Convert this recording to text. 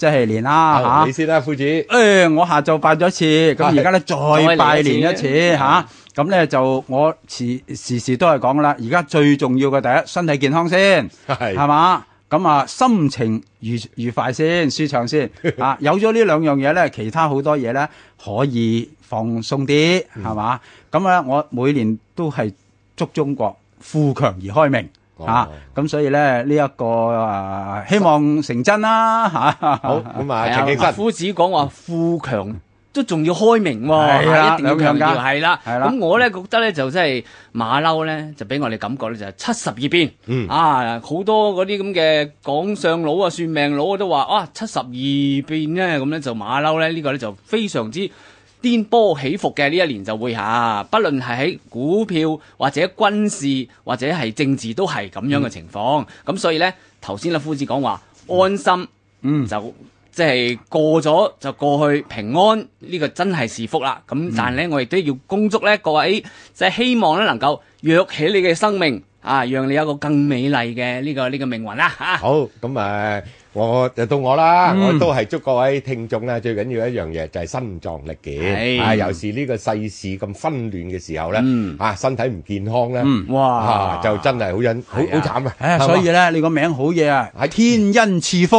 即係年啦嚇，啊啊、你先啦、啊，夫子。誒、哎，我下晝拜咗一次，咁而家咧再拜年一次嚇。咁咧、哎啊、就我時時時都係講啦。而家最重要嘅第一，身體健康先，係嘛是？咁啊，心情愉愉快先，舒暢先。啊，有咗呢兩樣嘢咧，其他好多嘢咧可以放鬆啲，係嘛？ 咁咧，我每年都係祝中國富強而開明。嚇！咁、啊、所以咧，呢、這、一個誒、啊，希望成真啦、啊、嚇。啊、好，咁啊，陳競新。夫子講話富強，都仲要開明喎、哦，啊、一定要強調。係啦，係啦。咁我咧覺得咧就真係馬騮咧，就俾我哋感覺咧就係七十二變。啊，好多嗰啲咁嘅講相佬啊、算命佬都話：，哇、啊，七十二變咧，咁、嗯、咧就馬騮咧呢、這個咧就非常之。顛波起伏嘅呢一年就會下、啊，不論係喺股票或者軍事或者係政治都係咁樣嘅情況。咁、嗯、所以呢，頭先咧夫子講話安心，嗯，就即係、就是、過咗就過去平安呢、呢個真係是，是福啦。咁、嗯、但係咧，我亦都要恭祝呢各位即係、就是、希望呢能夠躍起你嘅生命啊，讓你有個更美麗嘅呢、呢個呢、呢個命運啦嚇。啊、好，咁咪、啊。我就到我啦，嗯、我都係祝各位聽眾咧，最緊要的一樣嘢就係身壯力健。係是、啊，尤其是呢個世事咁紛亂嘅時候咧，嗯、啊身體唔健康咧、嗯，哇，啊、就真係好忍，好好慘啊！所以咧，你個名好嘢啊，係是天恩賜福。